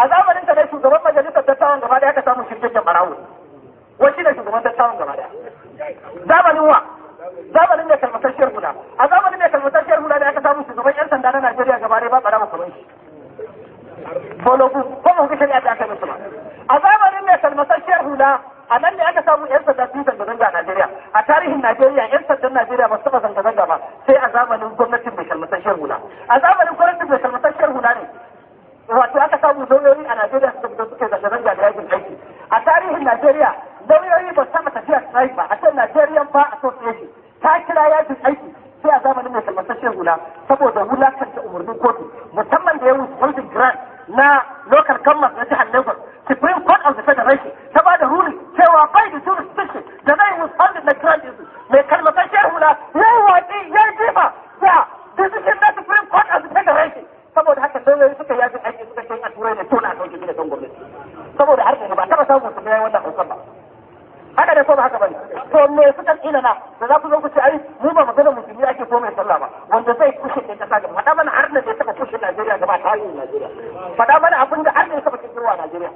a zamanin da na shugaban majalisar dattawan gaba daya ka samu shirgegen barawo wani ne shugaban dattawan gaba daya zamanin wa zamanin ne kalmatashiyar guda a zamanin ne kalmatashiyar guda da aka samu shugaban yan sanda na Najeriya gaba daya ba barawo ba shi bologu ko mun ga shari'a da aka yi ba a zamanin ne kalmatashiyar hula a nan ne aka samu yan sanda sun zanga-zanga a Najeriya a tarihin Najeriya yan sandan Najeriya ba su taba zanga-zanga ba sai a zamanin gwamnatin mai kalmatashiyar hula a zamanin gwamnatin mai kalmatashiyar hula ne wato aka samu lauyoyi a Najeriya suka fito suke zanga-zanga da yakin aiki a tarihin Najeriya lauyoyi ba su taɓa tafiya strike ba a can Najeriya ba a association ta kira yakin aiki haka sojoji suka yaji aiki suka ce a turai da tona a sauke da son gwamnati saboda harkar ba taba samun su bayan wannan hausa ba haka da ko ba haka bane to me suka na da za ku zo ku ce ai mu ba magana musulmi ake ko mai sallah ba wanda zai kushe kai kasa gaba faɗa mana har da zai taba kushe Najeriya gaba ta yi Najeriya faɗa mana abin da har da taba kirkirwa Najeriya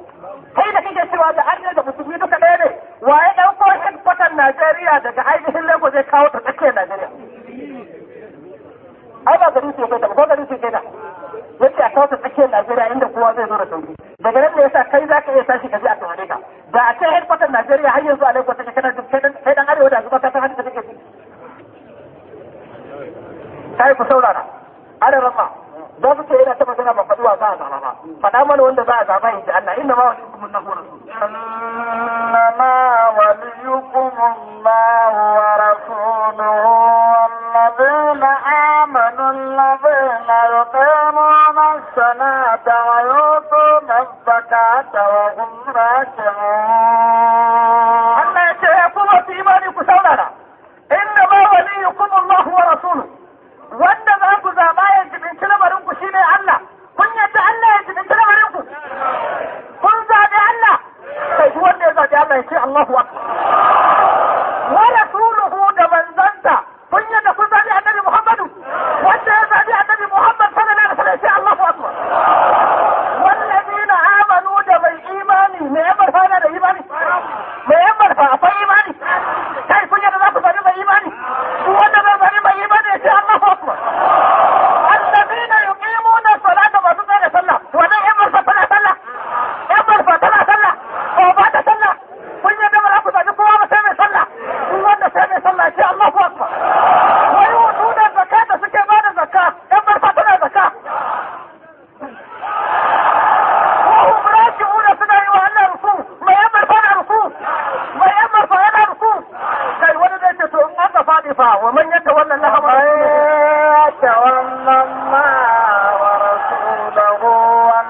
kai da kake cewa da har da musulmi duka ɗaya ne waye ɗauko headquarter Najeriya daga ainihin Lagos zai kawo ta tsakiyar Najeriya ai ba gari su ya kai ta ba ko gari su kai ta tashi ka je a tuhane ka da a kai headquarter Najeriya har yanzu a Lagos take kana kai dan arewa da zuba ka san hadin da take kai ku saurara ana ramma za su ce yana ta magana ba faduwa za a zama ba fada mana wanda za a zama in ji Allah inna ma kuma Allahu wa rasu inna ma waliyukum amanin wa na والذين kai ma يقيمون الصلاة ويؤتون rabbaka wa hum Allah ya ce ya kuma su imani ku saurara inna ma waliyukum Allah wa rasuluhu wanda za ku zaba ya jibinci lamarin ku shine Allah kun yadda Allah ya jibinci lamarin ku kun zabi Allah sai wanda ya zabi Allah ya ce Allahu akbar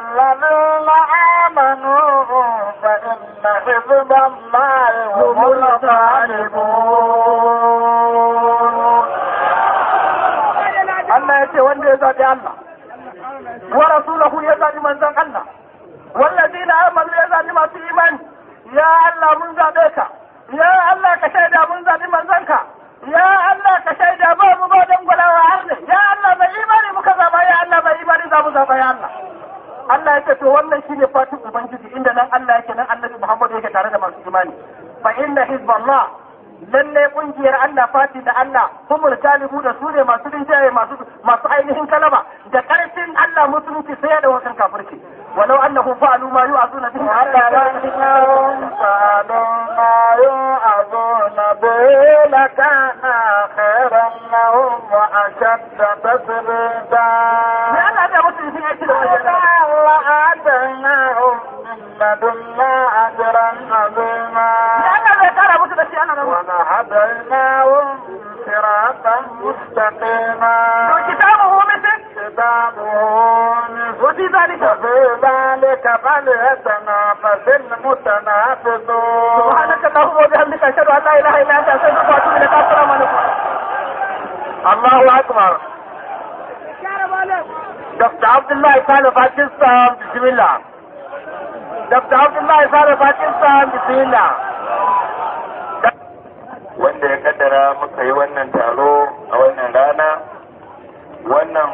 الذين آمنوا فإن حزب الله هم الغالبون Allah ya ce wanda ya zaɓi Allah, wa rasulahu ya zaɓi manzon Allah, wanda na amanu ya zaɓi masu imani, ya Allah mun zaɓe ka, ya Allah ka shaida mun zaɓi manzon ka, ya Allah ka shaida ba mu ba dangwalawa har ne, ya Allah mai imani muka zaɓa, ya Allah mai imani za mu zaɓa ya Allah. Allah yake to wannan shine fatin ubangiji inda nan Allah yake nan annabi Muhammad yake tare da masu imani fa inna hizballah lalle kungiyar Allah fati da Allah humul kalibu da su ne masu rinjaye masu masu ainihin kalaba da karfin Allah musulunci sai da wasan kafirci ولو انهم فعلوا ما يوعظون به ولو فعلوا ما يوعظون به لكان خيرا لهم واشد تثبيتا. لا لا لا لهما أجرا عظيما وهديناهم صراطا مستقيما وكتابه مثل كتابه وفي ذلك وفي ذلك فليتنافس المتنافسون سبحانك اللهم وبحمدك أشهد أن لا إله إلا أنت أستغفرك وأتوب إليك السلام عليكم الله أكبر دكتور عبد الله تعالى بعد بسم الله Dr. Abdullah ya fara Pakistan bismillah. Wanda ya kaddara muka yi wannan taro a wannan rana, wannan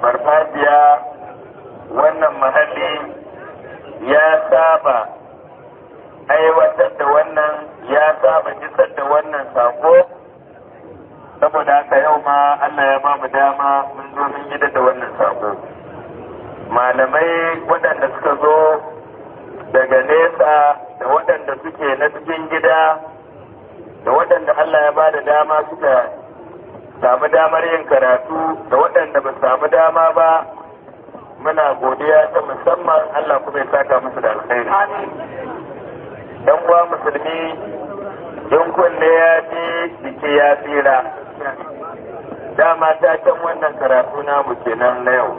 farfajiya, wannan mahalli ya saba aiwatar da wannan ya saba jisar da wannan sako saboda haka yau ma Allah ya ba mu dama mun zo mun gida da wannan sako malamai waɗanda suka zo waɗanda suke na cikin gida da waɗanda Allah ya ba da dama suka samu damar yin karatu da waɗanda ba samu dama ba muna godiya ta musamman Allah kuma ya saka musu da alkhairi. Dan uwa musulmi yankun da ya fi jiki ya tsira. Dama ta can wannan karatu namu kenan na yau.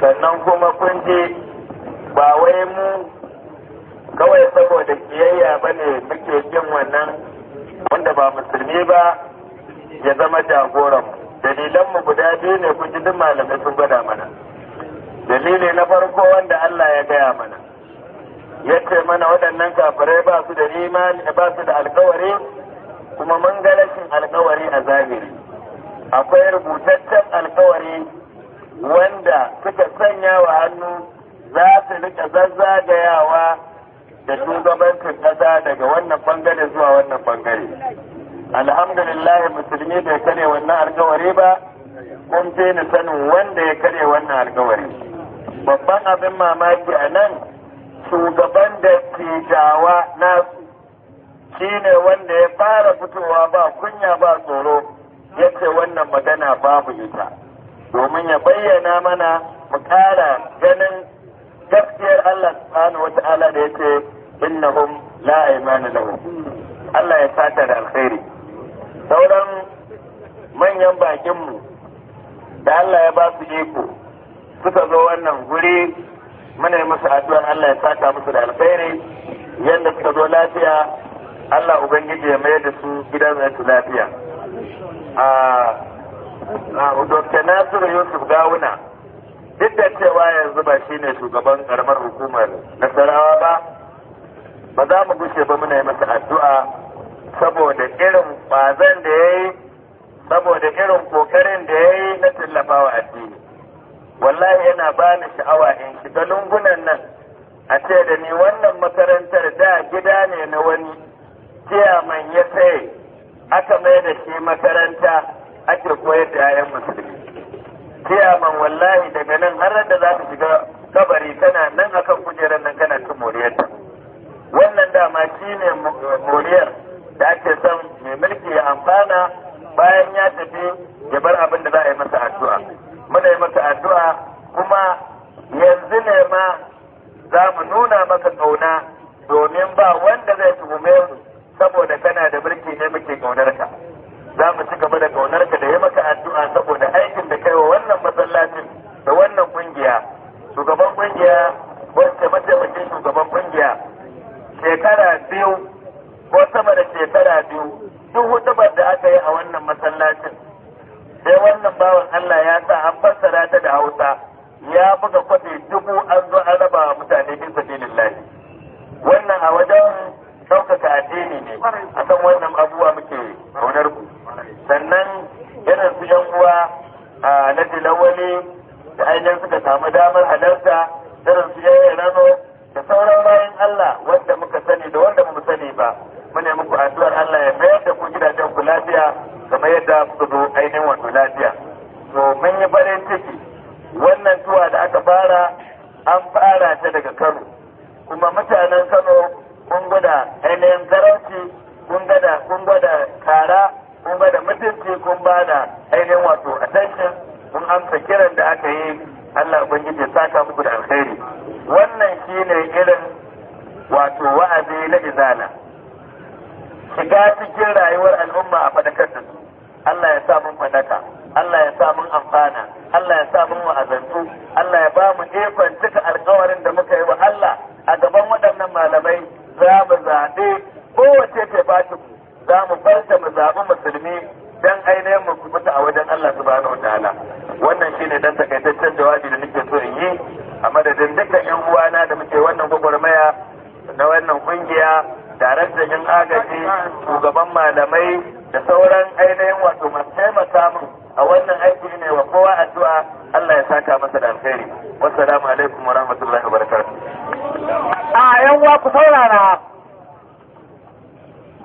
Sannan kuma kun ba wai mu kawai saboda kiyayya ba ne muke jin wannan wanda ba musulmi ba ya zama jagoran dalilanmu guda biyu ne kun ji duk malamai sun gwada mana dalili na farko wanda Allah ya gaya mana ya ce mana waɗannan kafirai ba su da imani ba su da alkawari kuma mun ga rashin alkawari a zahiri akwai rubutaccen alkawari wanda suka sanya wa hannu za su rika zazzagayawa da shugabancin ƙasa daga wannan bangare zuwa wannan bangare alhamdulillah musulmi bai kare wannan alkawari ba kun fi ni sanin wanda ya kare wannan alkawari babban abin mamaki a nan shugaban da na shi shine wanda ya fara fitowa ba kunya ba tsoro ya ce wannan magana babu ita domin ya bayyana mana mu ƙara ganin gaskiyar Allah subhanahu wa ta'ala da ya ce innahum la aymana lahum Allah ya fata da alkhairi sauran manyan bakin mu da Allah ya ba su iko suka zo wannan guri muna musu addu'ar Allah ya saka musu da alkhairi yadda suka zo lafiya Allah ubangiji ya mayar da su gidan su lafiya a Dr. Nasiru Yusuf Gawuna duk da cewa yanzu ba shi ne shugaban karamar hukumar Nasarawa ba ba za mu gushe ba muna yi masa addu'a saboda irin ƙwazon da ya yi saboda irin ƙoƙarin da ya yi na tallafawa addini wallahi yana ba ni sha'awa in shiga lungunan nan a ce da ni wannan makarantar da gida ne na wani ciyaman ya sai aka mai da shi makaranta ake koyar da 'ya'yan musulmi ciyaman wallahi daga nan har da za ku shiga kabari tana nan akan kujerar nan kana da mulki ne muke kaunar ka za mu ci gaba da kaunar ka da ya maka addu'a saboda aikin da kai wa wannan masallacin da wannan kungiya shugaban kungiya wacce mataimakin shugaban kungiya shekara biyu ko sama da shekara biyu duk hutubar da aka yi a wannan masallacin sai wannan bawan Allah ya sa an fassara ta da Hausa ya buga kwafi dubu an zo an raba mutane biyu addini ne akan wannan abubuwa muke kaunar ku sannan yanar su yan uwa na tilawali da ainihin suka samu damar halarta ainihin garauci kun gada kun gwada tara kun gwada mutunci kun ba da ainihin wato attention kun amsa kiran da aka yi Allah ubangiji ya saka muku da alkhairi wannan shi ne irin wato wa'azi na izana. shiga cikin rayuwar al'umma a fadakar da su Allah ya sa mun fadaka a madadin dukkan yan uwana da muke wannan gwagwarmaya na wannan kungiya tare da yan agaji shugaban malamai da sauran ainihin wato masu taimaka min a wannan aiki ne wa kowa addu'a Allah ya saka masa da alkhairi wassalamu alaikum wa rahmatullahi wa barakatuh a yan uwa ku saurara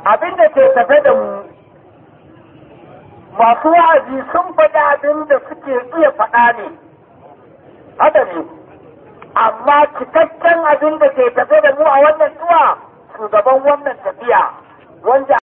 abin da ke tafe da mu masu wa'azi sun faɗi abin da suke iya faɗa ne haka ne amma cikakken abin da ke tafe da mu a wannan zuwa shugaban wannan tafiya wanda